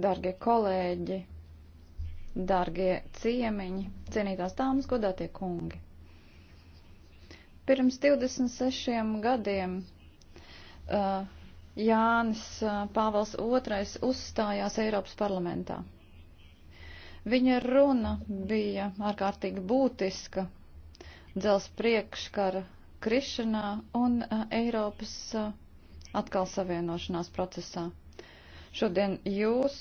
dargie kolēģi, dargie ciemiņi, cienītās dāmas, godātie kungi. Pirms 26 gadiem uh, Jānis uh, Pāvils II uzstājās Eiropas parlamentā. Viņa runa bija ārkārtīgi būtiska dzels priekškara krišanā un uh, Eiropas uh, atkal savienošanās procesā. Šodien jūs,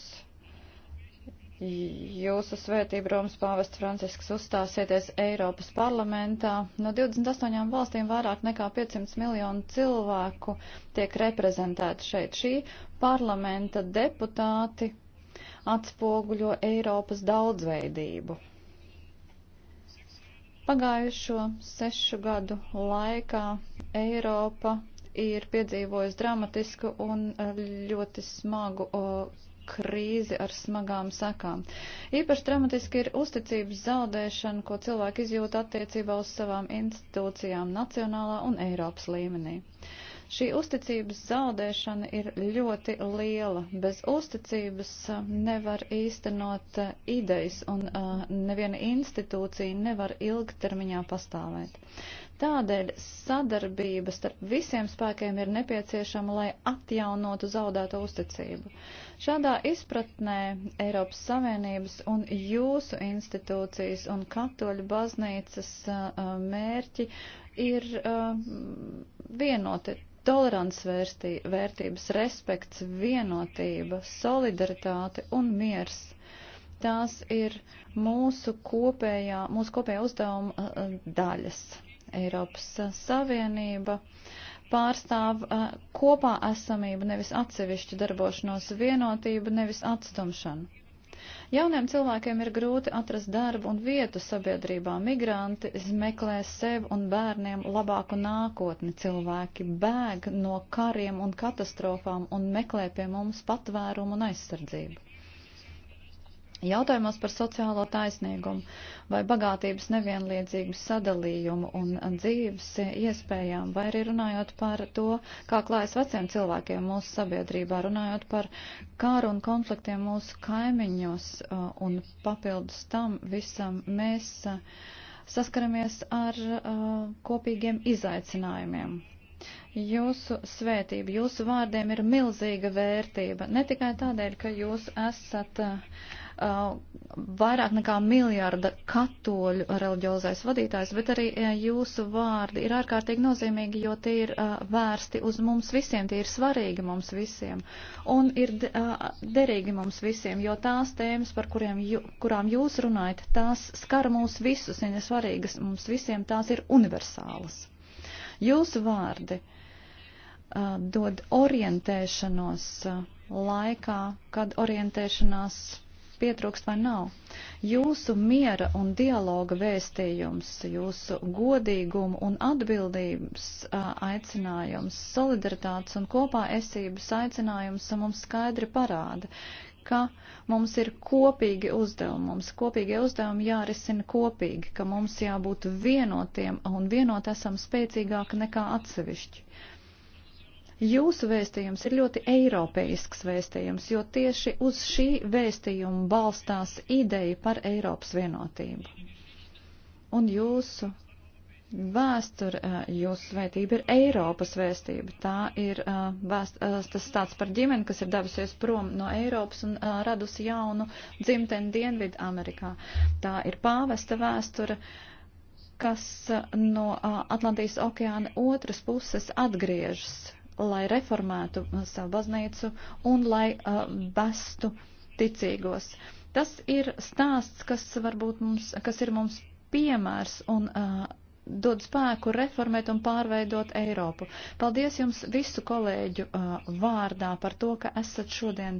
jūsu svētība Romas pāvests Francisks uzstāsieties Eiropas parlamentā. No 28 valstīm vairāk nekā 500 miljonu cilvēku tiek reprezentēti šeit. Šī parlamenta deputāti atspoguļo Eiropas daudzveidību. Pagājušo sešu gadu laikā Eiropa ir piedzīvojis dramatisku un eh, ļoti smagu krīzi ar smagām sekām. Īpaši dramatiski ir uzticības zaudēšana, ko cilvēki izjūt attiecībā uz savām institūcijām nacionālā un Eiropas līmenī. Šī uzticības zaudēšana ir ļoti liela. Bez uzticības eh, nevar īstenot eh, idejas un neviena institūcija nevar ilgtermiņā pastāvēt. Tādēļ sadarbība starp visiem spēkiem ir nepieciešama, lai atjaunotu zaudēto uzticību. Šādā izpratnē Eiropas Savienības un jūsu institūcijas un katoļu baznīcas uh, uh, mērķi ir uh, vienoti tolerants vērstī, vērtības, respekts, vienotība, solidaritāte un miers tās ir mūsu kopējā, mūsu kopējā uzdevuma daļas. Eiropas eh, Savienība pārstāv uh, kopā esamību, nevis atsevišķu darbošanos vienotību, nevis atstumšanu. Jauniem cilvēkiem ir grūti atrast darbu un vietu sabiedrībā. Migranti meklē sev un bērniem labāku nākotni. Cilvēki bēg no kariem un katastrofām un meklē pie mums patvērumu un aizsardzību. Jautājumos par sociālo taisnīgumu vai bagātības nevienlīdzīgu sadalījumu un dzīves iespējām, vai arī runājot par to, kā klājas veciem cilvēkiem mūsu sabiedrībā, runājot par kāru un konfliktiem mūsu kaimiņos uh, un papildus tam visam mēs uh, saskaramies ar uh, kopīgiem izaicinājumiem. Jūsu svētība, jūsu vārdiem ir milzīga vērtība, ne tikai tādēļ, ka jūs esat uh, Uh, vairāk nekā miljārda katoļu reliģiozais vadītājs, bet arī uh, jūsu vārdi ir ārkārtīgi nozīmīgi, jo tie ir uh, vērsti uz mums visiem, tie ir svarīgi mums visiem un ir derīgi mums visiem, jo tās tēmas, par kuriem, jū, kurām jūs runājat, tās skar mūs visus, ja ne svarīgas mums visiem, tās ir universālas. Jūsu vārdi dod orientēšanos laikā, kad orientēšanās pietrūkst vai nav. Jūsu miera un dialoga vēstījums, jūsu godīguma un atbildības aicinājums, solidaritātes un kopā esības aicinājums mums skaidri parāda, ka mums ir kopīgi uzdevumi, mums kopīgie uzdevumi jārisina kopīgi, ka mums jābūt vienotiem un vienot esam spēcīgāki nekā atsevišķi. Uh, Jūsu vēstījums ir ļoti eiropeisks vēstījums, jo tieši uz šī vēstījuma balstās ideja par Eiropas vienotību. Un jūsu vēsture, eh, jūsu svētība ir Eiropas vēstība. Tā ir eh, vēst, eh, tas tāds par ģimeni, kas ir devusies prom no Eiropas un radusi jaunu dzimteni Dienvidu Amerikā. Tā ir pāvesta vēsture kas no Atlantijas okeāna otras puses atgriežas lai reformētu savu baznīcu un lai uh, vestu ticīgos. Tas ir stāsts, kas varbūt mums, kas ir mums piemērs un uh, dod spēku reformēt un pārveidot Eiropu. Paldies jums visu kolēģu uh, vārdā par to, ka esat šodien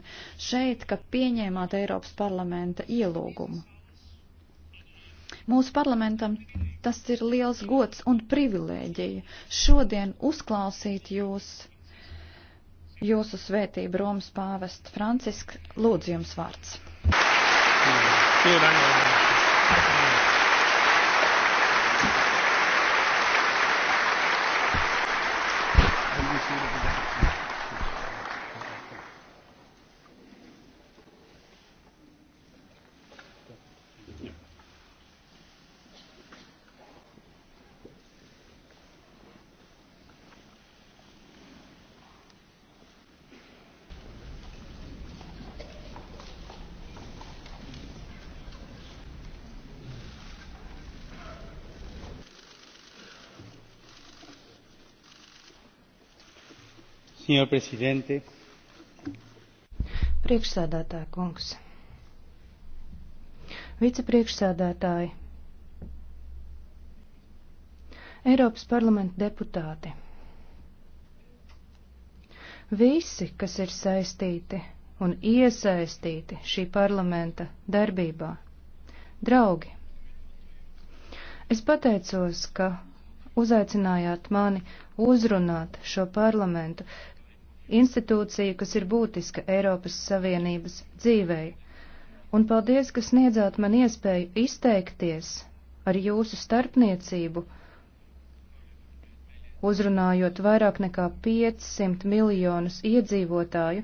šeit, ka pieņēmāt Eiropas parlamenta ielūgumu. Mūsu parlamentam tas ir liels gods un privilēģija šodien uzklausīt jūs, jūsu svētību Romas pāvest Francisk, lūdzu jums vārds. Vielen Dank. Senjor prezidente. Priekšsēdētāja kungs. Vicepriekšsēdētāji. Eiropas parlamenta deputāti. Visi, kas ir saistīti un iesaistīti šī parlamenta darbībā. Draugi, es pateicos, ka uzaicinājāt mani uzrunāt šo parlamentu, institūciju, kas ir būtiska Eiropas Savienības dzīvei. Un paldies, ka sniedzāt man iespēju izteikties ar jūsu starpniecību, uzrunājot vairāk nekā 500 miljonus iedzīvotāju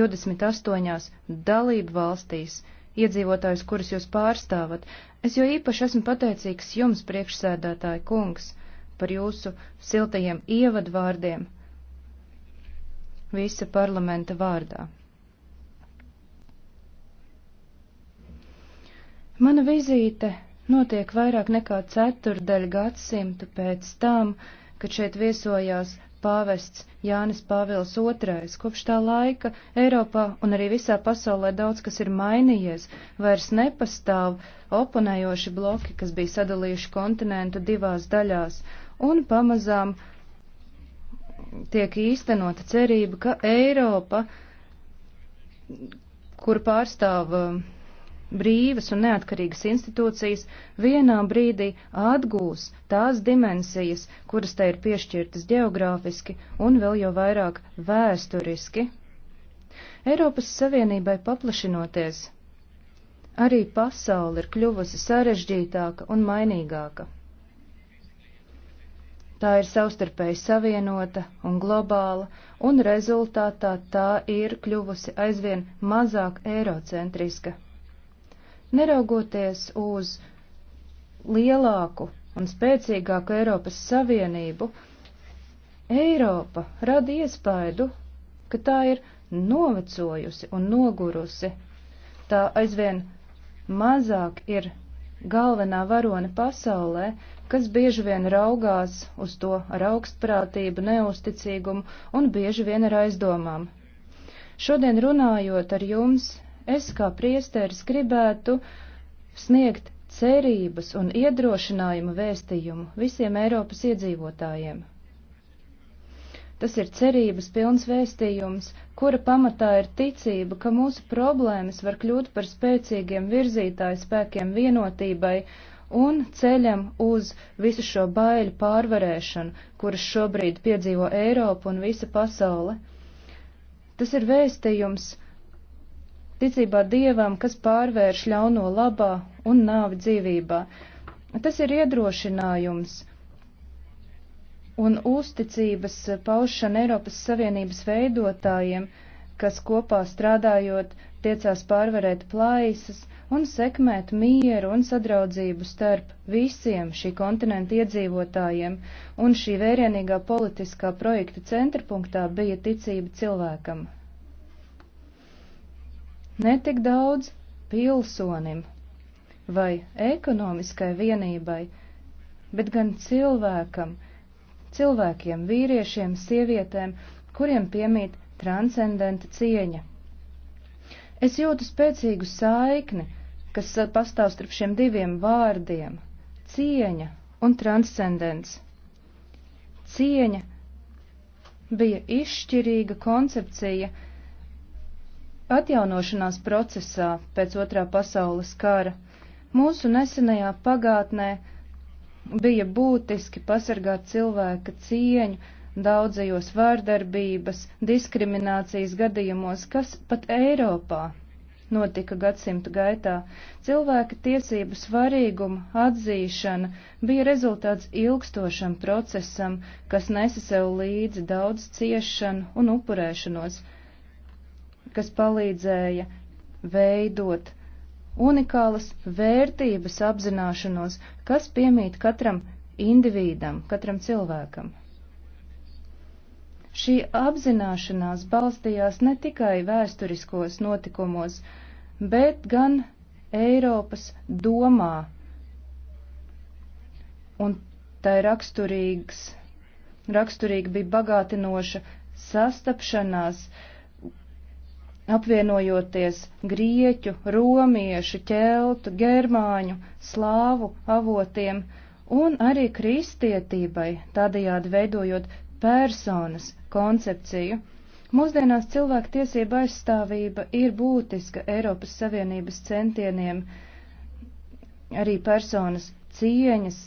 28 dalību valstīs, iedzīvotājus, kurus jūs pārstāvat. Es jo īpaši esmu pateicīgs jums, priekšsēdētāji kungs, par jūsu siltajiem ievadvārdiem visa parlamenta vārdā. Mana vizīte notiek vairāk nekā ceturdaļu gadsimtu pēc tam, kad šeit viesojās pāvests Jānis Pāvils II. Kopš tā laika Eiropā un arī visā pasaulē daudz kas ir mainījies, vairs nepastāv oponējoši bloki, kas bija sadalījuši kontinentu divās daļās, un pamazām tiek īstenota cerība, ka Eiropa, kur pārstāv um, brīvas un neatkarīgas institūcijas, vienā brīdī atgūs tās dimensijas, kuras tai ir piešķirtas geogrāfiski un vēl jau vairāk vēsturiski. Eiropas Savienībai paplašinoties, arī pasauli ir kļuvusi sarežģītāka un mainīgāka. Tā ir savstarpēji savienota un globāla, un rezultātā tā ir kļuvusi aizvien mazāk eirocentriska. Neraugoties uz lielāku un spēcīgāku Eiropas Savienību, Eiropa rada iespaidu, ka tā ir novecojusi un nogurusi. Tā aizvien mazāk ir galvenā varone pasaulē, kas bieži vien raugās uz to ar augstprātību, neusticīgumu un bieži vien ar aizdomām. Šodien runājot ar jums, es kā priesteris gribētu sniegt cerības un iedrošinājumu vēstījumu visiem Eiropas iedzīvotājiem. Tas ir cerības pilns vēstījums, kura pamatā ir ticība, ka mūsu problēmas var kļūt par spēcīgiem virzītāju spēkiem vienotībai un ceļam uz visu šo baiļu pārvarēšanu, kuras šobrīd piedzīvo Eiropa un visa pasaule. Tas ir vēstījums ticībā dievam, kas pārvērš ļauno labā un nāvi dzīvībā. Tas ir iedrošinājums un uzticības paušana Eiropas Savienības veidotājiem, kas kopā strādājot tiecās pārvarēt plaisas, un sekmēt mieru un sadraudzību starp visiem šī kontinenta iedzīvotājiem, un šī vērienīgā politiskā projekta centrpunktā bija ticība cilvēkam. Netik daudz pilsonim vai ekonomiskai vienībai, bet gan cilvēkam, cilvēkiem, vīriešiem, sievietēm, kuriem piemīt transcendenta cieņa. Es jūtu spēcīgu saikni kas eh, pastāv starp šiem diviem vārdiem - cieņa un transcendents. Cieņa bija izšķirīga koncepcija atjaunošanās procesā pēc otrā pasaules kara. Mūsu nesenajā pagātnē bija būtiski pasargāt cilvēka cieņu daudzajos vārdarbības, diskriminācijas gadījumos, kas pat Eiropā notika gadsimta gaitā. Cilvēka tiesību svarīguma atzīšana bija rezultāts ilgstošam procesam, kas nesa sev līdzi daudz ciešanu un upurēšanos, kas palīdzēja veidot unikālas vērtības apzināšanos, kas piemīt katram individam, katram cilvēkam. Šī apzināšanās balstījās ne tikai vēsturiskos notikumos, bet gan Eiropas domā. Un tai raksturīgs, raksturīgi bija bagātinoša sastapšanās, apvienojoties grieķu, romiešu, ķeltu, germāņu, slāvu avotiem un arī kristietībai, tādējādi veidojot personas koncepciju. Mūsdienās cilvēku tiesība aizstāvība ir būtiska Eiropas Savienības centieniem arī personas cieņas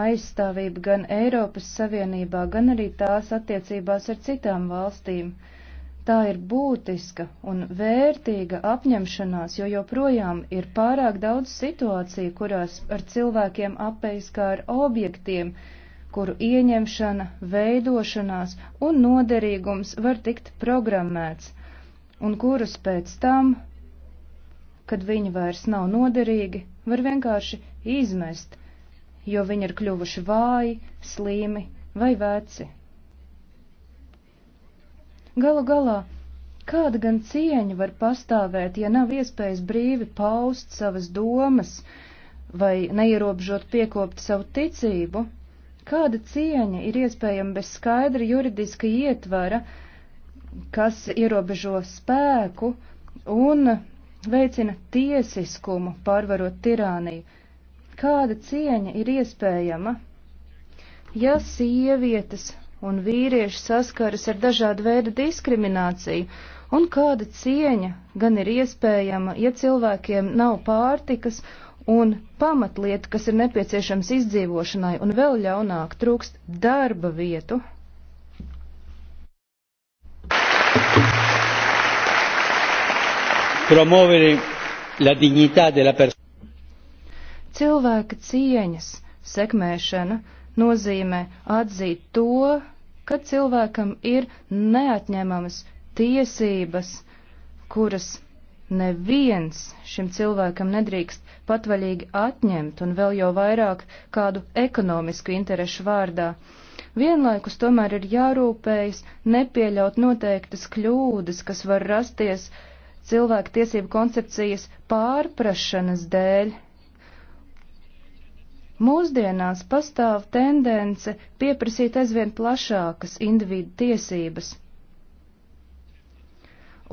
aizstāvība gan Eiropas Savienībā, gan arī tās attiecībās ar citām valstīm. Tā ir būtiska un vērtīga apņemšanās, jo joprojām ir pārāk daudz situāciju, kurās ar cilvēkiem apējas kā ar objektiem, kuru ieņemšana, veidošanās un noderīgums var tikt programmēts, un kurus pēc tam, kad viņi vairs nav noderīgi, var vienkārši izmest, jo viņi ir kļuvuši vāji, slīmi vai veci. Galu galā, kāda gan cieņa var pastāvēt, ja nav iespējas brīvi paust savas domas vai neierobežot piekopt savu ticību? Kāda cieņa ir iespējama bez skaidra juridiska ietvara, kas ierobežo spēku un veicina tiesiskumu, pārvarot tirāniju? Kāda cieņa ir iespējama, ja sievietes un vīrieši saskaras ar dažādu veidu diskrimināciju, un kāda cieņa gan ir iespējama, ja cilvēkiem nav pārtikas un pamatlieta, kas ir nepieciešams izdzīvošanai, un vēl ļaunāk trūkst darba vietu. Promovere la dignità della persona. Cilvēka cieņas sekmēšana nozīmē atzīt to, ka cilvēkam ir neatņemamas tiesības, kuras Neviens šim cilvēkam nedrīkst patvaļīgi atņemt un vēl jau vairāk kādu ekonomisku interešu vārdā. Vienlaikus tomēr ir jārūpējas nepieļaut noteiktas kļūdas, kas var rasties cilvēku tiesību koncepcijas pārprašanas dēļ. Mūsdienās pastāv tendence pieprasīt aizvien plašākas individu tiesības.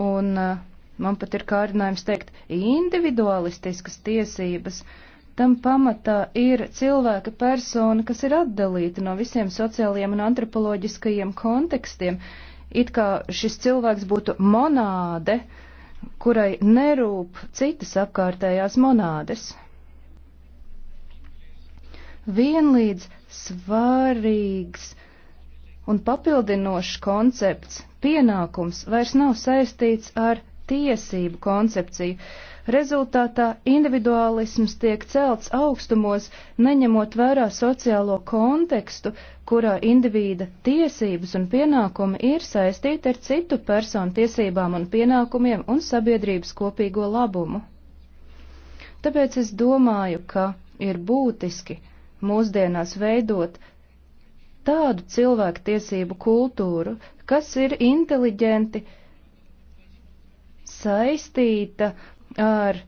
Un uh, man pat ir kārdinājums teikt, individualistiskas tiesības, tam pamatā ir cilvēka persona, kas ir atdalīta no visiem sociālajiem un antropoloģiskajiem kontekstiem, it kā šis cilvēks būtu monāde, kurai nerūp citas apkārtējās monādes. Vienlīdz svarīgs un papildinošs koncepts, pienākums vairs nav saistīts ar tiesību koncepciju. Rezultātā individuālisms tiek celts augstumos, neņemot vērā sociālo kontekstu, kurā indivīda tiesības un pienākumi ir saistīti ar citu personu tiesībām un pienākumiem un sabiedrības kopīgo labumu. Tāpēc es domāju, ka ir būtiski mūsdienās veidot tādu cilvēku tiesību kultūru, kas ir inteliģenti, uh, saistīta ar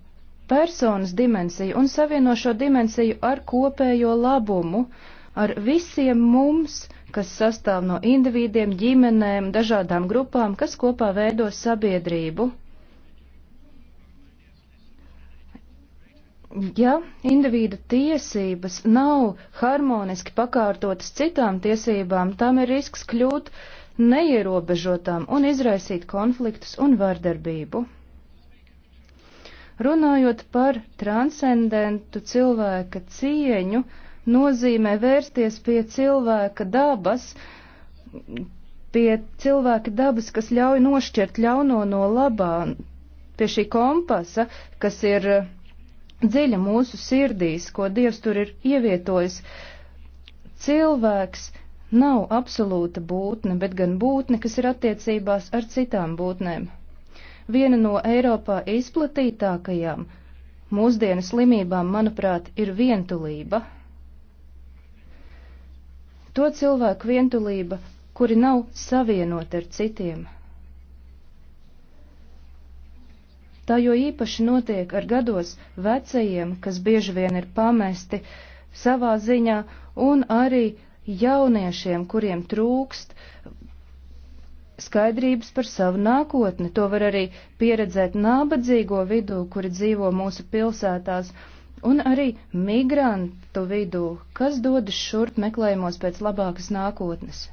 personas dimensiju un savieno šo dimensiju ar kopējo labumu, ar visiem mums, kas sastāv no individiem, ģimenēm, dažādām grupām, kas kopā veido sabiedrību. Ja individu tiesības nav harmoniski pakārtotas citām tiesībām, tam ir risks kļūt uh, neierobežotām un izraisīt konfliktus un vardarbību. Runājot par transcendentu cilvēka cieņu, nozīmē vērsties pie cilvēka dabas, pie cilvēka dabas, kas ļauj nošķirt ļauno no labā, pie šī kompasa, kas ir dziļa mūsu sirdīs, ko Dievs tur ir ievietojis. Cilvēks nav absolūta būtne, bet gan būtne, kas ir attiecībās ar citām būtnēm. Viena no Eiropā izplatītākajām mūsdienu slimībām, manuprāt, ir vientulība. To cilvēku vientulība, kuri nav savienoti ar citiem. Tā jo īpaši notiek ar gados vecajiem, kas bieži vien ir pamesti savā ziņā, un arī jauniešiem, kuriem trūkst skaidrības par savu nākotni. To var arī pieredzēt nabadzīgo vidū, kuri dzīvo mūsu pilsētās, un arī migrantu vidū, kas dodas šurp meklējumos pēc labākas nākotnes.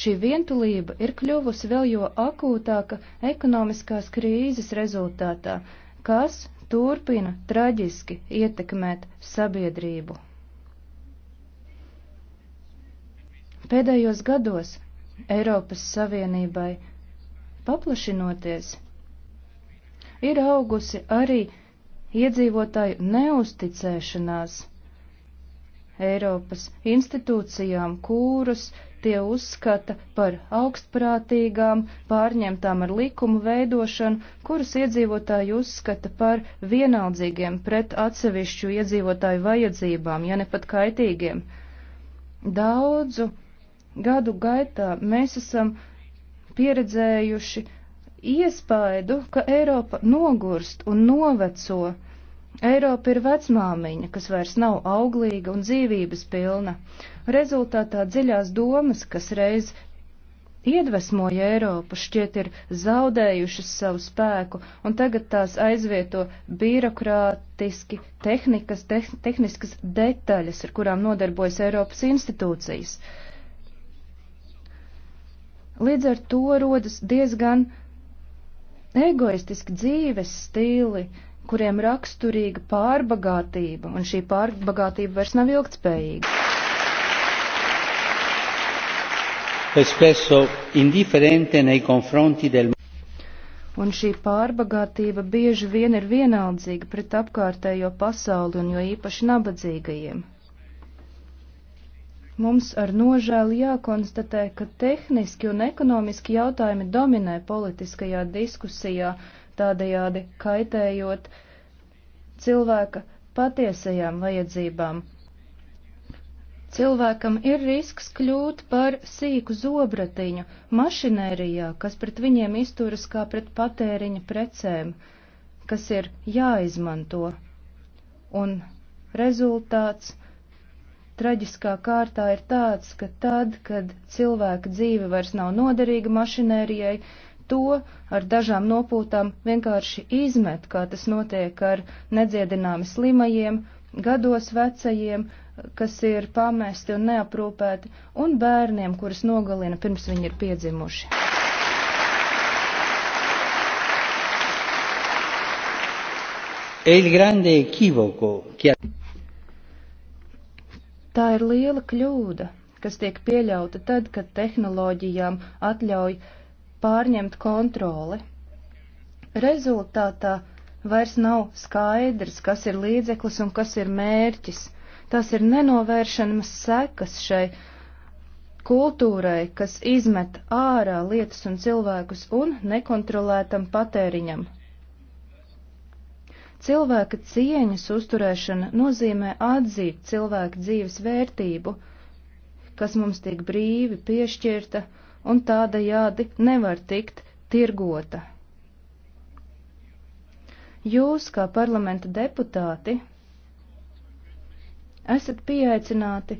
Šī vientulība ir kļuvusi vēl jo akūtāka ekonomiskās krīzes rezultātā, kas turpina traģiski ietekmēt sabiedrību. Pēdējos gados Eiropas Savienībai paplašinoties ir augusi arī iedzīvotāju neusticēšanās Eiropas institūcijām, kurus tie uzskata par augstprātīgām, pārņemtām ar likumu veidošanu, kuras iedzīvotāji uzskata par vienaldzīgiem pret atsevišķu iedzīvotāju vajadzībām, ja ne pat kaitīgiem. Daudzu Gadu gaitā mēs esam pieredzējuši iespaidu, ka Eiropa nogurst un noveco. Eiropa ir vecmāmiņa, kas vairs nav auglīga un dzīvības pilna. Rezultātā dziļās domas, kas reiz iedvesmoja Eiropu, šķiet ir zaudējušas savu spēku, un tagad tās aizvieto birokrātiski tehnikas, te, tehniskas detaļas, ar kurām nodarbojas Eiropas institūcijas. Uh, Līdz ar to rodas diezgan egoistiski dzīves stili, kuriem raksturīga pārbagātība, un šī pārbagātība vairs nav ilgtspējīga. E spesso indifferente nei confronti del un šī pārbagātība bieži vien ir vienaldzīga pret apkārtējo pasauli un jo īpaši nabadzīgajiem. Mums ar nožēlu jākonstatē, ka tehniski un ekonomiski jautājumi dominē politiskajā diskusijā, tādējādi kaitējot cilvēka patiesajām vajadzībām. Cilvēkam ir risks kļūt par sīku zobratiņu mašinērijā, kas pret viņiem izturas kā pret patēriņa precēm, kas ir jāizmanto. Un rezultāts traģiskā kārtā ir tāds, ka tad, kad cilvēka dzīve vairs nav noderīga mašinērijai, to ar dažām nopūtām vienkārši izmet, kā tas notiek ar nedziedināmi slimajiem, gados vecajiem, kas ir pamesti un neaprūpēti, un bērniem, kurus nogalina pirms viņi ir piedzimuši. E il grande equivoco che ha... Tā ir liela kļūda, kas tiek pieļauta tad, kad tehnoloģijām atļauj pārņemt kontroli. Rezultātā vairs nav skaidrs, kas ir līdzeklis un kas ir mērķis. Tas ir nenovēršamas sekas šai kultūrai, kas izmet ārā lietas un cilvēkus un nekontrolētam patēriņam. Cilvēka cieņas uzturēšana nozīmē atzīt cilvēka dzīves vērtību, kas mums tiek brīvi piešķirta un tādajādi nevar tikt tirgota. Jūs, kā parlamenta deputāti, esat pieaicināti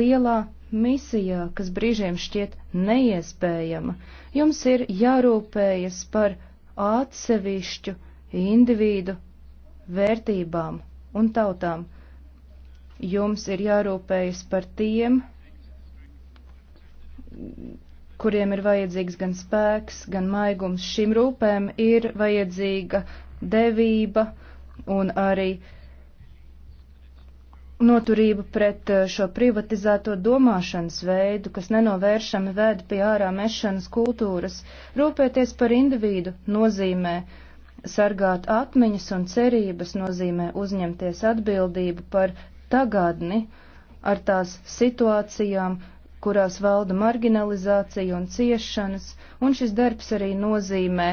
lielā misijā, kas brīžiem šķiet neiespējama. Jums ir jārūpējas par atsevišķu individu vērtībām un tautām. Jums ir jārūpējas par tiem, kuriem ir vajadzīgs gan spēks, gan maigums. Šīm rūpēm ir vajadzīga devība un arī noturība pret eh, šo privatizēto domāšanas veidu, kas nenovēršami vēd pie ārā mešanas kultūras. Rūpēties par individu nozīmē sargāt atmiņas un cerības nozīmē uzņemties atbildību par tagadni ar tās situācijām, kurās valda marginalizācija un ciešanas, un šis darbs arī nozīmē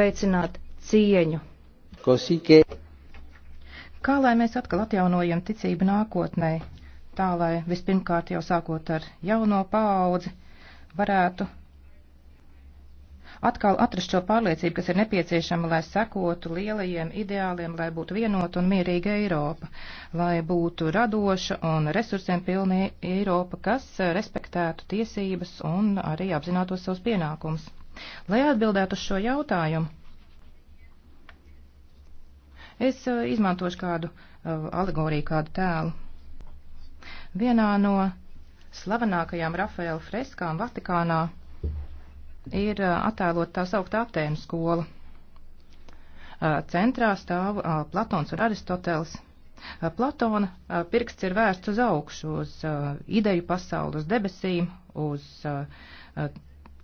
veicināt cieņu. Kosike. Kā lai mēs atkal atjaunojam ticību nākotnē, tā lai vispirmkārt jau sākot ar jauno paudzi varētu atkal atrast šo pārliecību, kas ir nepieciešama, lai sekotu lielajiem ideāliem, lai būtu vienota un mierīga Eiropa, lai būtu radoša un resursiem pilna Eiropa, kas respektētu tiesības un arī apzinātos savus pienākumus. Lai atbildētu uz šo jautājumu, es eh, izmantošu kādu eh, alegoriju, kādu tēlu. Vienā no slavenākajām Rafaela freskām Vatikānā ir attēlot tā saukta aptēnu skola. Centrā stāv Platons un Aristoteles. Platona pirksts ir vērsts uz augšu, uz ideju pasauli, uz debesīm, uz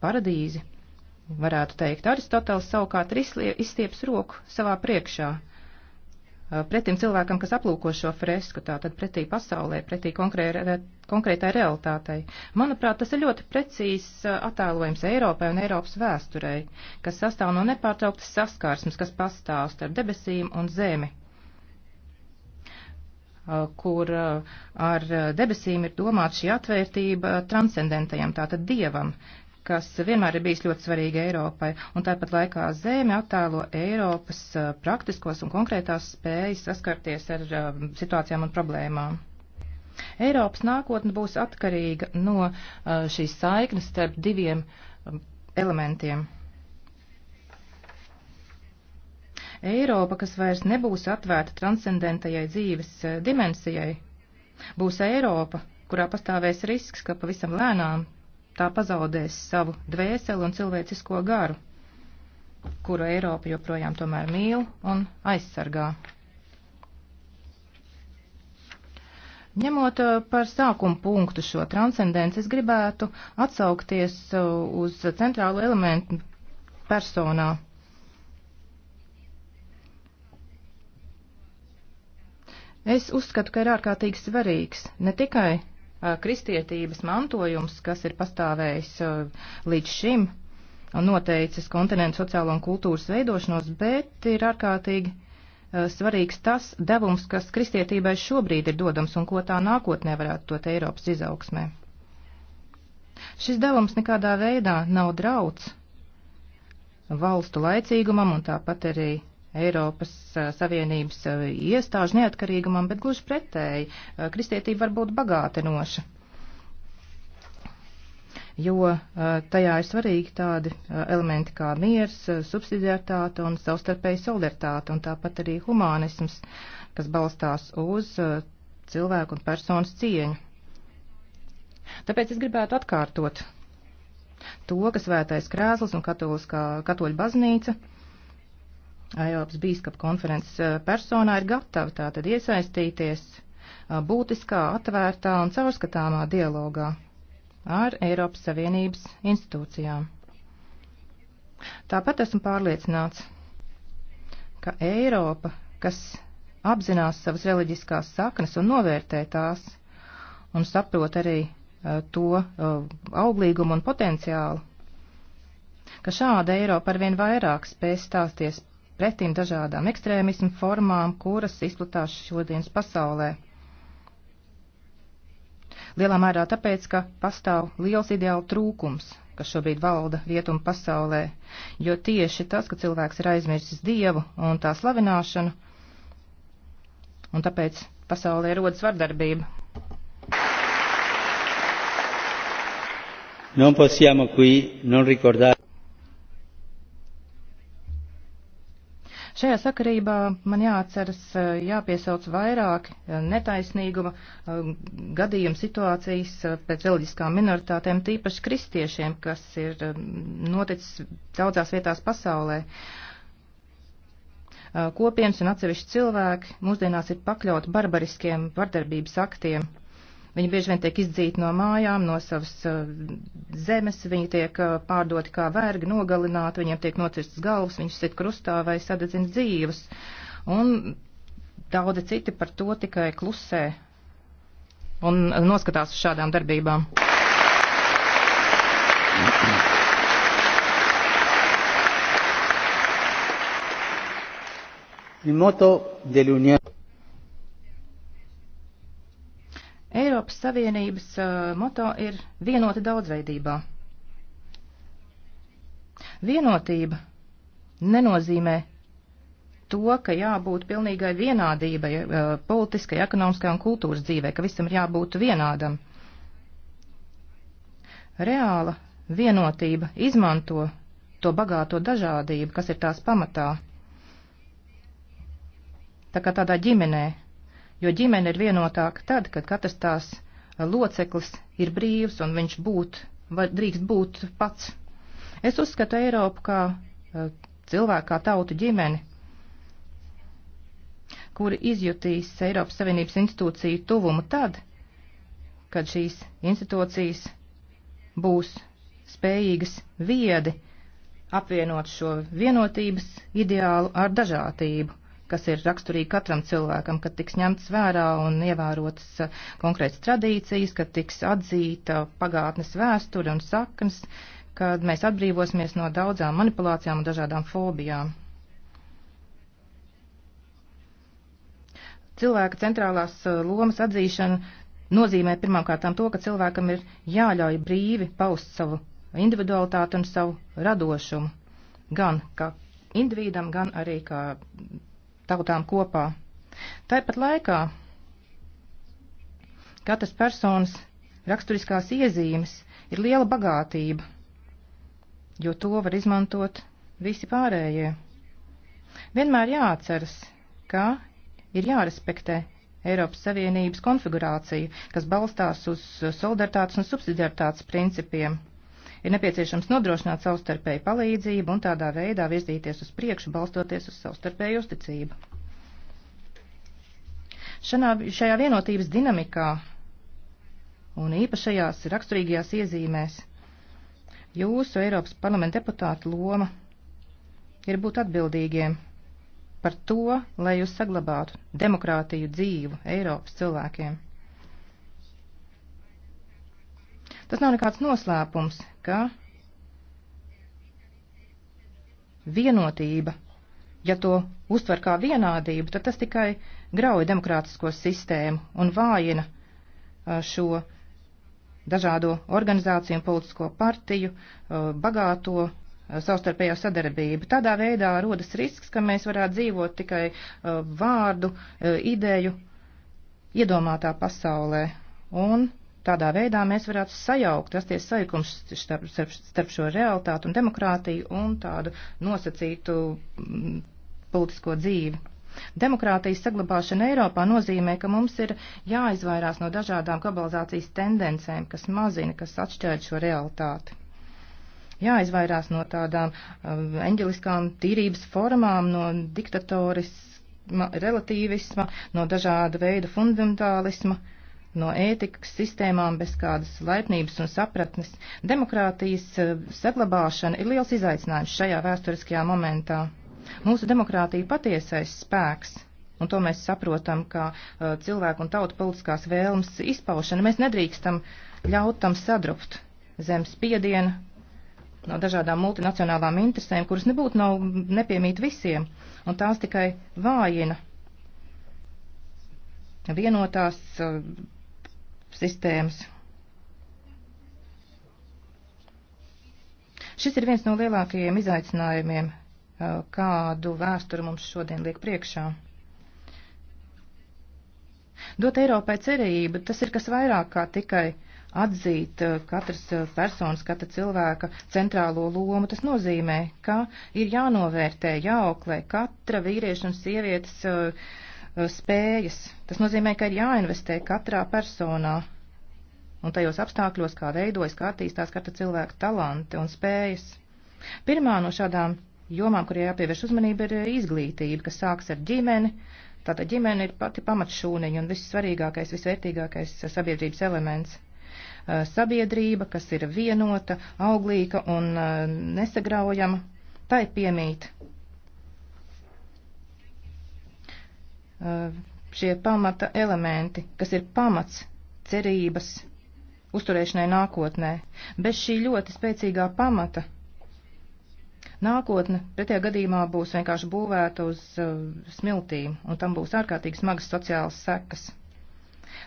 paradīzi. Varētu teikt, Aristoteles savukārt izstieps roku savā priekšā. Uh, pretim cilvēkam, kas aplūko šo fresku, tātad pretī pasaulē, pretī konkrē, konkrētai realitātei. Manuprāt, tas ir ļoti precīzs uh, attēlojums Eiropai un Eiropas vēsturei, kas sastāv no nepārtrauktas saskarsmes, kas pastāv starp debesīm un zemi uh, kur ar debesīm ir domāta šī atvērtība transcendentajam, tātad dievam, kas vienmēr ir bijis ļoti svarīga Eiropai, un tāpat laikā zēme attēlo Eiropas praktiskos un konkrētās spējas saskarties ar situācijām un problēmām. Eiropas nākotne būs atkarīga no šīs saiknes starp diviem elementiem. Eiropa, kas vairs nebūs atvērta transcendentajai dzīves dimensijai, būs Eiropa, kurā pastāvēs risks, ka pavisam lēnām tā pazaudēs savu dvēseli un cilvēcisko garu, kuru Eiropa joprojām tomēr mīl un aizsargā. Ņemot uh, par sākumu punktu šo transcendenci, es gribētu atsaukties uh, uz centrālo elementu personā. Es uzskatu, ka ir ārkārtīgi svarīgs ne tikai Uh, kristietības mantojums, kas ir pastāvējis uh, līdz šim un noteicis kontinentu sociālo un kultūras veidošanos, bet ir ārkārtīgi uh, svarīgs tas devums, kas kristietībai šobrīd ir dodams un ko tā nākotnē varētu dot Eiropas izaugsmē. Šis devums nekādā veidā nav drauds valstu laicīgumam un tāpat arī uh, Eiropas Savienības iestāžu neatkarīgumam, bet gluži pretēji, kristietība var būt bagātinoša, jo tajā ir svarīgi tādi elementi kā miers, subsidiartāte un savstarpēja solidaritāte, un tāpat arī humānisms, kas balstās uz cilvēku un personas cieņu. Tāpēc es gribētu atkārtot to, ka svētais krēsls un katoliskā katoļu baznīca Eiropas bīskapa konferences eh, personā ir gatava tātad iesaistīties eh, būtiskā, atvērtā un caurskatāmā dialogā ar Eiropas Savienības institūcijām. Tāpat esmu pārliecināts, ka Eiropa, kas apzinās savas reliģiskās saknes un novērtē tās, un saprot arī eh, to auglīgumu un potenciālu, ka šāda Eiropa arvien vairāk spēs stāsties pretīm dažādām ekstrēmismu formām, kuras izplatās šodienas pasaulē. Lielā mērā tāpēc, ka pastāv liels ideāla trūkums, kas šobrīd valda rietumu pasaulē, jo tieši tas, ka cilvēks ir aizmirsis dievu un tā slavināšanu, un tāpēc pasaulē rodas vardarbība. Non possiamo qui non ricordare. Šajā sakarībā man jāatceras, jāpiesauc vairāk netaisnīguma gadījuma situācijas pēc reliģiskām minoritātēm, tīpaši kristiešiem, kas ir noticis daudzās vietās pasaulē kopienas un atsevišķi cilvēki mūsdienās ir pakļauti barbariskiem vardarbības aktiem. Viņi bieži vien tiek izdzīti no mājām, no savas eh, zemes, viņi tiek eh, pārdoti kā vergi, nogalināti, viņiem tiek nocirstas galvas, viņus sit krustā vai sadedzina dzīves. Un daudzi citi par to tikai klusē un noskatās uz šādām darbībām. Il moto dell'Unione Eiropas Savienības uh, moto ir vienota daudzveidībā. Vienotība nenozīmē to, ka jābūt pilnīgai vienādībai uh, politiskai, ekonomiskai un kultūras dzīvē, ka visam ir jābūt vienādam. Reāla vienotība izmanto to bagāto dažādību, kas ir tās pamatā. Tā kā tādā ģimenē jo ģimene ir vienotāka tad, kad katrs tās loceklis ir brīvs un viņš būt, var, drīkst būt pats. Es uzskatu Eiropu kā e, cilvēku, kā tautu ģimeni, kuri izjutīs Eiropas Savienības institūciju tuvumu tad, kad šīs institūcijas būs spējīgas viedi apvienot šo vienotības ideālu ar dažātību kas ir raksturīgi katram cilvēkam, kad tiks ņemts vērā un ievērotas uh, konkrētas tradīcijas, kad tiks atzīta pagātnes vēsture un saknes, kad mēs atbrīvosimies no daudzām manipulācijām un dažādām fobijām. Cilvēka centrālās uh, lomas atzīšana nozīmē pirmkārtām to, ka cilvēkam ir jāļauj brīvi paust savu individualitāti un savu radošumu, gan kā individam, gan arī kā tautām kopā. Tāpat laikā katras personas raksturiskās iezīmes ir liela bagātība, jo to var izmantot visi pārējie. Vienmēr jāatceras, ka ir jārespektē Eiropas Savienības konfigurācija, kas balstās uz solidaritātes un subsidiaritātes principiem. Ir nepieciešams nodrošināt savstarpēju palīdzību un tādā veidā virzīties uz priekšu, balstoties uz savstarpēju uzticību. Šanā, šajā vienotības dinamikā un īpašajās raksturīgajās iezīmēs jūsu Eiropas parlamenta deputāta loma ir būt atbildīgiem par to, lai jūs saglabātu demokrātiju dzīvu Eiropas cilvēkiem. Tas nav nekāds noslēpums, ka vienotība, ja to uztver kā vienādību, tad tas tikai grauj demokrātisko sistēmu un vājina šo dažādo organizāciju un politisko partiju bagāto savstarpējo sadarbību. Tādā veidā rodas risks, ka mēs varētu dzīvot tikai vārdu, ideju iedomātā pasaulē. Un Tādā veidā mēs varētu sajaukt, rasties sajukums starp, starp, starp šo realitātu un demokrātiju un tādu nosacītu mm, politisko dzīvi. Demokrātijas saglabāšana Eiropā nozīmē, ka mums ir jāizvairās no dažādām globalizācijas tendencēm, kas mazina, kas atšķēr šo realitāti. Jāizvairās no tādām um, eņģeliskām tīrības formām, no diktatorisma, relativisma, no dažāda veida fundamentālisma. Uh, no ētikas sistēmām bez kādas laipnības un sapratnes. Demokrātijas eh, saglabāšana ir liels izaicinājums šajā vēsturiskajā momentā. Mūsu demokrātija patiesais spēks, un to mēs saprotam, kā eh, cilvēku un tautu politiskās vēlmes izpaušana. Mēs nedrīkstam ļaut tam sadrupt zem spiediena no dažādām multinacionālām interesēm, kuras nebūtu nav nepiemīt visiem, un tās tikai vājina vienotās eh, sistēmas. Šis ir viens no lielākajiem izaicinājumiem, kādu vēsturi mums šodien liek priekšā. Dot Eiropai cerību, tas ir kas vairāk kā tikai atzīt katras personas, katra cilvēka centrālo lomu. Tas nozīmē, ka ir jānovērtē, jāauklē katra vīrieša un sievietes uh, Eh, spējas. Tas nozīmē, ka ir jāinvestē katrā personā un tajos apstākļos, kā veidojas, kā attīstās katra cilvēka talanti un spējas. Pirmā no šādām jomām, kurie jāpievērš uzmanība, ir eh, izglītība, kas sāks ar ģimeni. Tātad ģimene ir pati pamatšūniņa un vissvarīgākais, visvērtīgākais eh, sabiedrības elements. Sabiedrība, kas ir vienota, auglīga un nesagraujama, tai piemīt Eh, šie pamata elementi, kas ir pamats cerības uzturēšanai nākotnē. Bez šī ļoti spēcīgā pamata nākotne pretējā gadījumā būs vienkārši būvēta uz uh, smiltīm, un tam būs ārkārtīgi smagas sociālas sekas.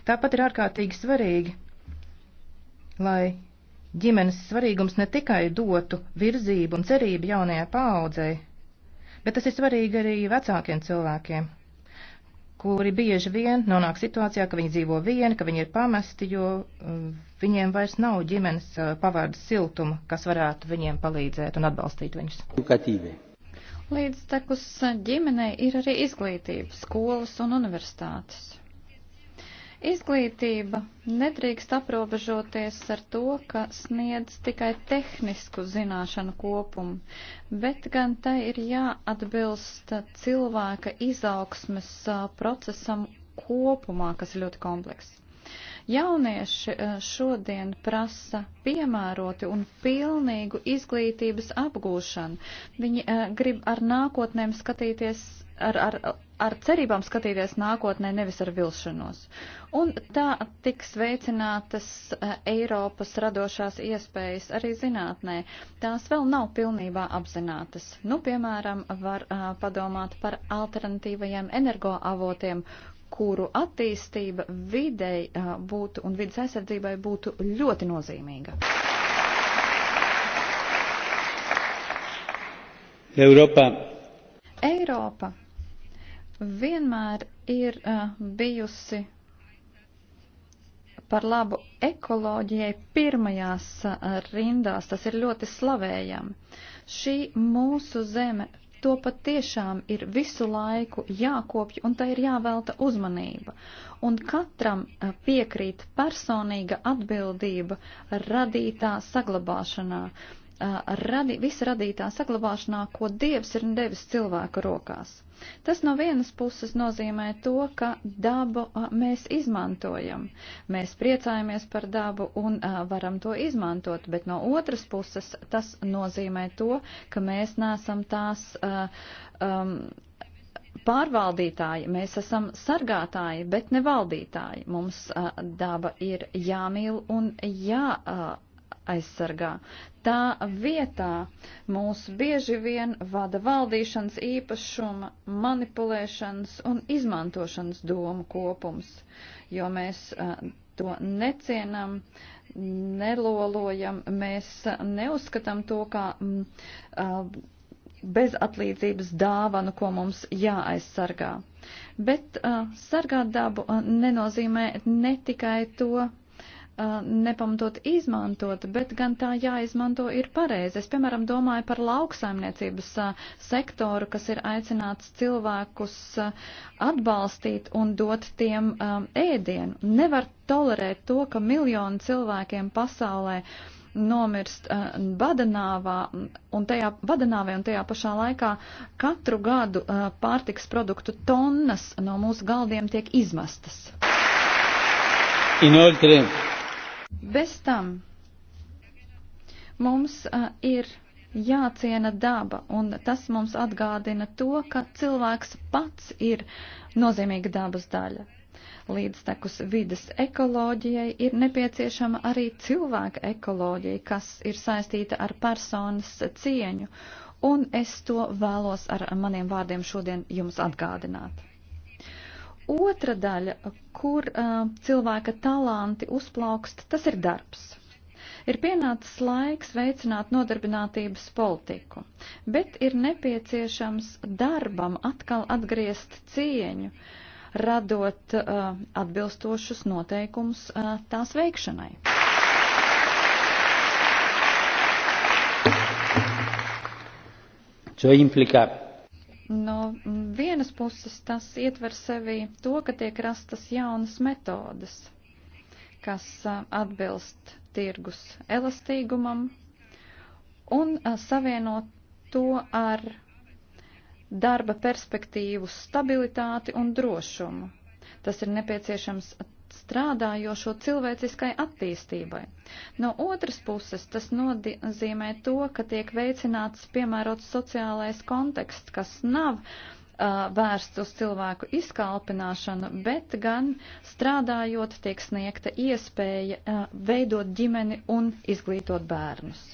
Tāpat ir ārkārtīgi svarīgi, lai ģimenes svarīgums ne tikai dotu virzību un cerību jaunajai paaudzei, bet tas ir svarīgi arī vecākiem cilvēkiem kuri bieži vien nonāk situācijā, ka viņi dzīvo vieni, ka viņi ir pamesti, jo uh, viņiem vairs nav ģimenes uh, pavārdas siltuma, kas varētu viņiem palīdzēt un atbalstīt viņus. Edukatīvi. Līdz tekus ģimenei ir arī izglītība, skolas un universitātes. Izglītība nedrīkst aprobežoties ar to, ka sniedz tikai tehnisku zināšanu kopumu, bet gan tai ir jāatbilst cilvēka izaugsmes procesam kopumā, kas ir ļoti komplekss. Jaunieši šodien prasa piemēroti un pilnīgu izglītības apgūšanu. Viņi grib ar nākotnēm skatīties ar, ar, ar cerībām skatīties nākotnē, nevis ar vilšanos. Un tā tiks veicinātas eh, Eiropas radošās iespējas arī zinātnē. Tās vēl nav pilnībā apzinātas. Nu, piemēram, var uh, padomāt par alternatīvajiem energoavotiem, kuru attīstība videi uh, būtu un vidas aizsardzībai būtu ļoti nozīmīga. Europa. Eiropa. Eiropa vienmēr ir uh, bijusi par labu ekoloģijai pirmajās eh, rindās. Tas ir ļoti slavējami. Šī mūsu zeme, to pat tiešām ir visu laiku jākopj un tai ir jāvelta uzmanība. Un katram eh, piekrīt personīga atbildība radītā saglabāšanā radi, visa radītā saglabāšanā, ko Dievs ir devis cilvēku rokās. Tas no vienas puses nozīmē to, ka dabu mēs izmantojam. Mēs priecājamies par dabu un a, varam to izmantot, bet no otras puses tas nozīmē to, ka mēs nesam tās. A, um, pārvaldītāji, mēs esam sargātāji, bet ne valdītāji. Mums a, daba ir jāmīl un jā. A, jāaizsargā. Tā vietā mūs bieži vien vada valdīšanas īpašuma, manipulēšanas un izmantošanas domu kopums, jo mēs to necienam, nelolojam, mēs neuzskatām to kā bezatlīdzības dāvanu, ko mums jāaizsargā. Bet uh, sargāt dabu nenozīmē ne tikai to nepamatot izmantot, bet gan tā jāizmanto ir pareizi. Es, piemēram, domāju par lauksaimniecības sektoru, kas ir aicināts cilvēkus atbalstīt un dot tiem ēdienu. Nevar tolerēt to, ka miljonu cilvēkiem pasaulē nomirst uh, badanāvā un tajā, badanāvē un tajā pašā laikā katru gadu uh, pārtiks produktu tonnas no mūsu galdiem tiek izmestas. Inoltre, Bez tam mums uh, ir jāciena daba, un tas mums atgādina to, ka cilvēks pats ir nozīmīga dabas daļa. Līdztekus vidas ekoloģijai ir nepieciešama arī cilvēka ekoloģija, kas ir saistīta ar personas cieņu, un es to vēlos ar maniem vārdiem šodien jums atgādināt. Otra daļa, kur uh, cilvēka talanti uzplaukst, tas ir darbs. Ir pienācis laiks veicināt nodarbinātības politiku, bet ir nepieciešams darbam atkal atgriezt cieņu, radot uh, atbilstošus noteikumus uh, tās veikšanai. Čo implica No vienas puses tas ietver sevi to, ka tiek rastas jaunas metodas, kas atbilst tirgus elastīgumam un savienot to ar darba perspektīvu stabilitāti un drošumu. Tas ir nepieciešams strādājošo cilvēciskai attīstībai. No otras puses, tas nozīmē to, ka tiek veicināts piemērots sociālais konteksts, kas nav uh, vērsts uz cilvēku izkalpināšanu, bet gan strādājot tiek sniegta iespēja uh, veidot ģimeni un izglītot bērnus.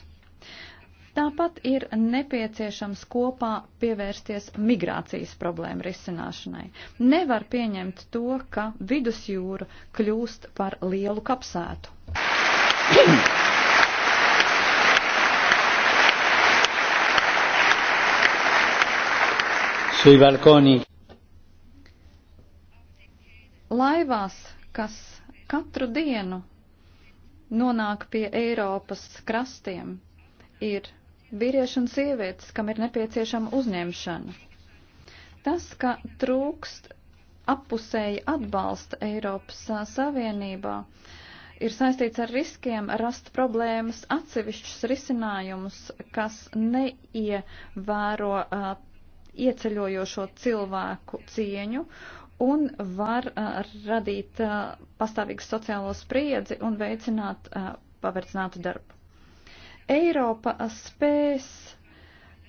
Tāpat ir nepieciešams kopā pievērsties migrācijas problēmu risināšanai. Nevar pieņemt to, ka vidusjūra kļūst par lielu kapsētu. Sui balconi laivās, kas katru dienu nonāk pie Eiropas krastiem, ir vīrieši un sievietes, kam ir nepieciešama uzņemšana. Tas, ka trūkst appusēji atbalsta Eiropas Savienībā, ir saistīts ar riskiem rast problēmas atsevišķus risinājumus, kas neievēro uh, ieceļojošo cilvēku cieņu un var uh, radīt uh, pastāvīgu sociālo spriedzi un veicināt uh, pavērdzinātu darbu. Eiropa spēs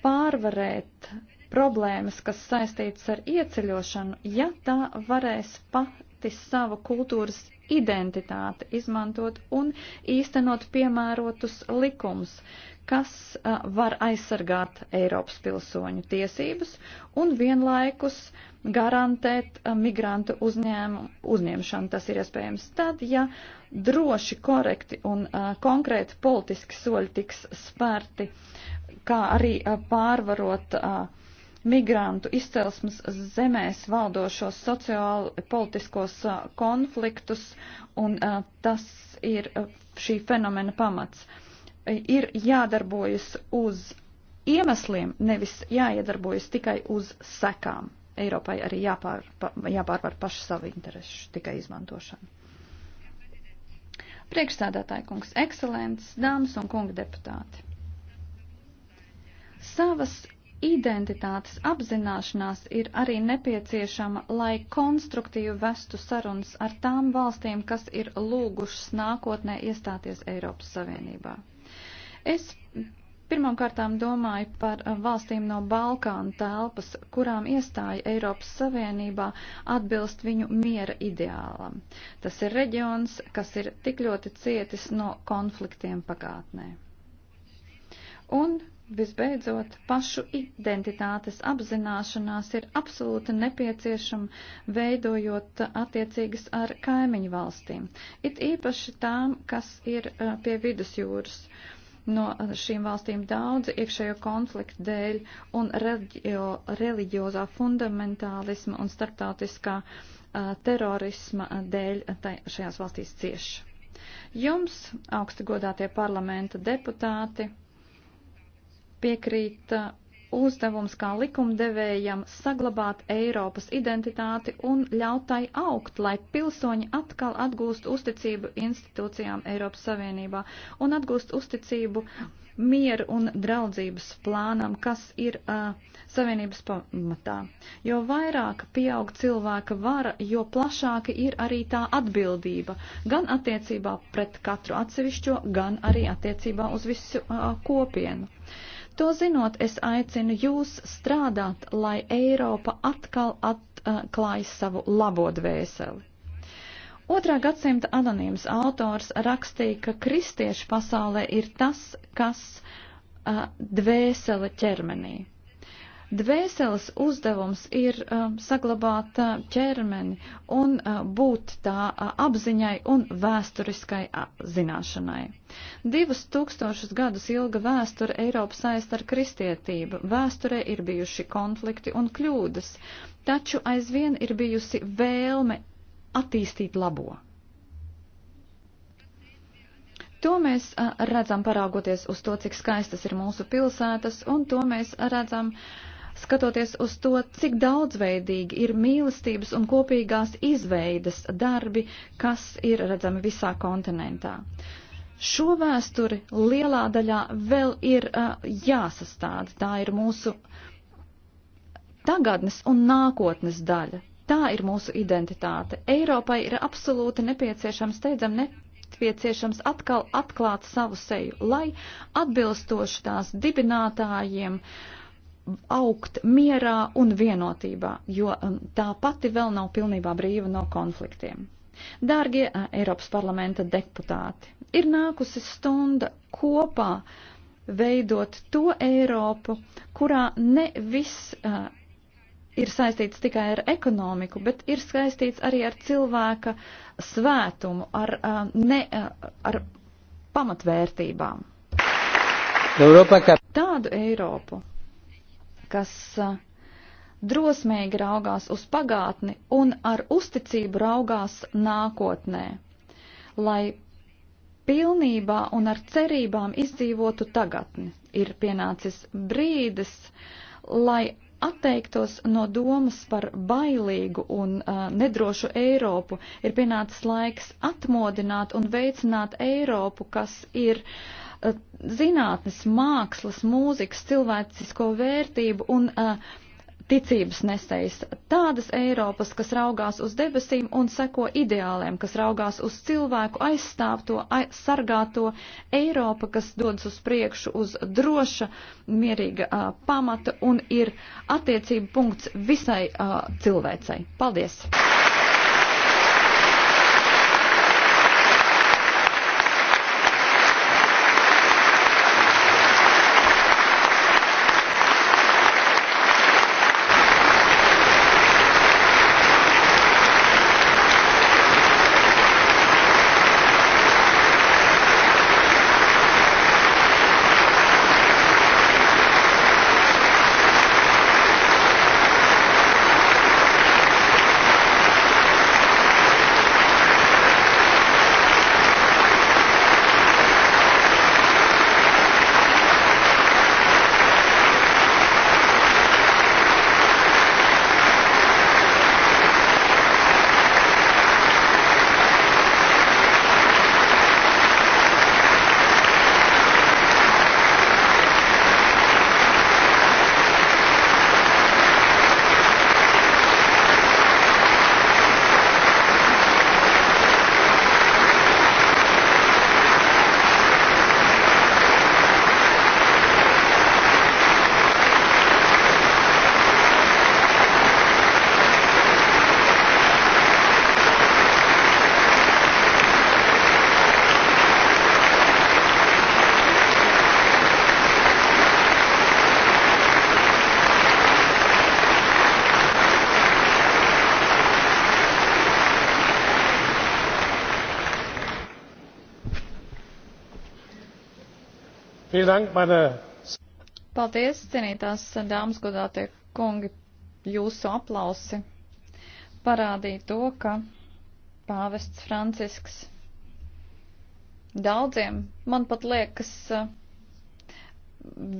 pārvarēt problēmas, kas saistītas ar ieceļošanu, ja tā varēs pati savu kultūras identitāti izmantot un īstenot piemērotus likums, kas uh, var aizsargāt Eiropas pilsoņu tiesības un vienlaikus garantēt uh, migrantu uzņēmu, uzņemšanu. Tas ir iespējams tad, ja droši, korekti un uh, konkrēti politiski soļi tiks spērti, kā arī uh, pārvarot uh, migrantu izcelsmes zemēs valdošos sociāli politiskos konfliktus, un tas ir šī fenomena pamats. E, ir jādarbojas uz iemesliem, nevis jāiedarbojas tikai uz sekām. Eiropai arī jāpār, jāpārvar paši savu interesu tikai izmantošanu. Priekšstādātāji kungs, ekscelents, dāmas un kunga deputāti. Savas identitātes apzināšanās ir arī nepieciešama, lai konstruktīvi vestu sarunas ar tām valstīm, kas ir lūgušas nākotnē iestāties Eiropas Savienībā. Es pirmkārtām domāju par valstīm no Balkānu telpas, kurām iestāja Eiropas Savienībā atbilst viņu miera ideālam. Tas ir reģions, kas ir tik ļoti cietis no konfliktiem pagātnē. Un Visbeidzot, pašu identitātes apzināšanās ir absolūti nepieciešama, veidojot attiecīgas ar kaimiņu valstīm, it īpaši tām, kas ir eh, pie vidusjūras. No eh, šīm valstīm daudzi iekšējo konfliktu dēļ un reģio, reliģiozā fundamentālisma un starptautiskā uh, terorisma dēļ tai, šajās valstīs cieši. Jums, augsti godātie parlamenta deputāti, piekrīt uh, uzdevums kā likumdevējam saglabāt Eiropas identitāti un ļaut tai augt, lai pilsoņi atkal atgūst uzticību institūcijām Eiropas Savienībā un atgūst uzticību mieru un draudzības plānam, kas ir uh, Savienības pamatā. Jo vairāk pieaug cilvēka vara, jo plašāka ir arī tā atbildība, gan attiecībā pret katru atsevišķo, gan arī attiecībā uz visu uh, kopienu. Uh, To zinot, es aicinu jūs strādāt, lai Eiropa atkal atklāj savu labo dvēseli. Otrā gadsimta anonīms autors rakstīja, ka kristiešu pasaulē ir tas, kas dvēsele ķermenī. Dvēseles uzdevums ir um, saglabāt uh, ķermeni un uh, būt tā uh, apziņai un vēsturiskai uh, zināšanai. Divus tūkstošus gadus ilga vēsture Eiropa saist ar kristietību. Vēsturē ir bijuši konflikti un kļūdas, taču aizvien ir bijusi vēlme attīstīt labo. To mēs uh, redzam paraugoties uz to, cik skaistas ir mūsu pilsētas, un to mēs redzam uh, skatoties uz to, cik daudzveidīgi ir mīlestības un kopīgās izveidas darbi, kas ir redzami visā kontinentā. Šo vēsturi lielā daļā vēl ir uh, jāsastāda. Tā ir mūsu tagadnes un nākotnes daļa. Tā ir mūsu identitāte. Eiropai ir absolūti nepieciešams, steidzam, ne, nepieciešams atkal atklāt savu seju, lai atbilstoši tās dibinātājiem uh, augt mierā un vienotībā, jo um, tā pati vēl nav pilnībā brīva no konfliktiem. Dārgie uh, Eiropas parlamenta deputāti, ir nākusi stunda kopā veidot to Eiropu, kurā ne viss uh, ir saistīts tikai ar ekonomiku, bet ir saistīts arī ar cilvēka svētumu, ar, uh, ne, uh, ar pamatvērtībām. Europa, ka... Tādu Eiropu, kas drosmīgi raugās uz pagātni un ar uzticību raugās nākotnē, lai pilnībā un ar cerībām izdzīvotu tagadni. Ir pienācis brīdis, lai atteiktos no domas par bailīgu un uh, nedrošu Eiropu, ir pienācis laiks atmodināt un veicināt Eiropu, kas ir uh, Eh, zinātnes, mākslas, mūzikas, cilvēcisko vērtību un uh, ticības nesējs. Tādas Eiropas, kas raugās uz debesīm un seko ideāliem, kas raugās uz cilvēku, aizstāv to, aiz, sargā to. Eiropa, kas dodas uz priekšu uz droša, mierīga uh, pamata un ir attiecība punkts visai uh, cilvēcei. Paldies! Paldies, cienītās dāmas, godātie kungi, jūsu aplausi parādīja to, ka pāvests Francisks daudziem, man pat liekas,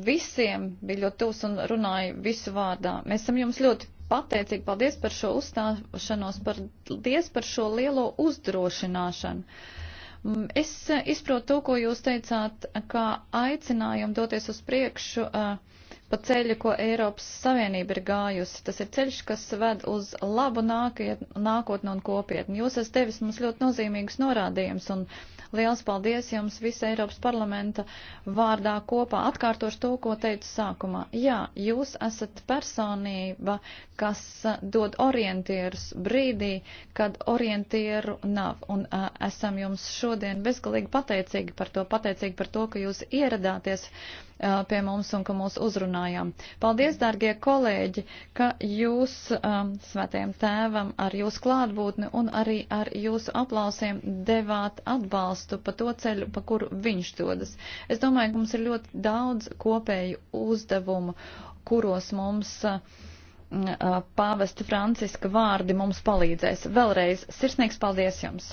visiem bija ļoti tūs un runāja visu vārdā. Mēs esam jums ļoti pateicīgi, paldies par šo uzstāšanos, paldies par šo lielo uzdrošināšanu. Uh, Mm, es eh, izprotu to, ko jūs teicāt, kā aicinājumu doties uz priekšu eh, pa ceļu, ko Eiropas Savienība ir gājusi. Tas ir ceļš, kas ved uz labu nākotni un kopietni. Jūs esat devis mums ļoti nozīmīgus norādījumus un Liels paldies jums visa Eiropas parlamenta vārdā kopā. Atkārtošu to, ko teicu sākumā. Jā, jūs esat personība, kas dod orientierus brīdī, kad orientieru nav. Un uh, esam jums šodien bezgalīgi pateicīgi par to, pateicīgi par to, ka jūs ieradāties pie mums un ka mūs uzrunājām. Paldies, dārgie kolēģi, ka jūs um, svētajam tēvam ar jūsu klātbūtni un arī ar jūsu aplausiem devāt atbalstu pa to ceļu, pa kuru viņš dodas. Es domāju, ka mums ir ļoti daudz kopēju uzdevumu, kuros mums. Uh, pāvesta Franciska vārdi mums palīdzēs. Vēlreiz sirsnīgs paldies jums!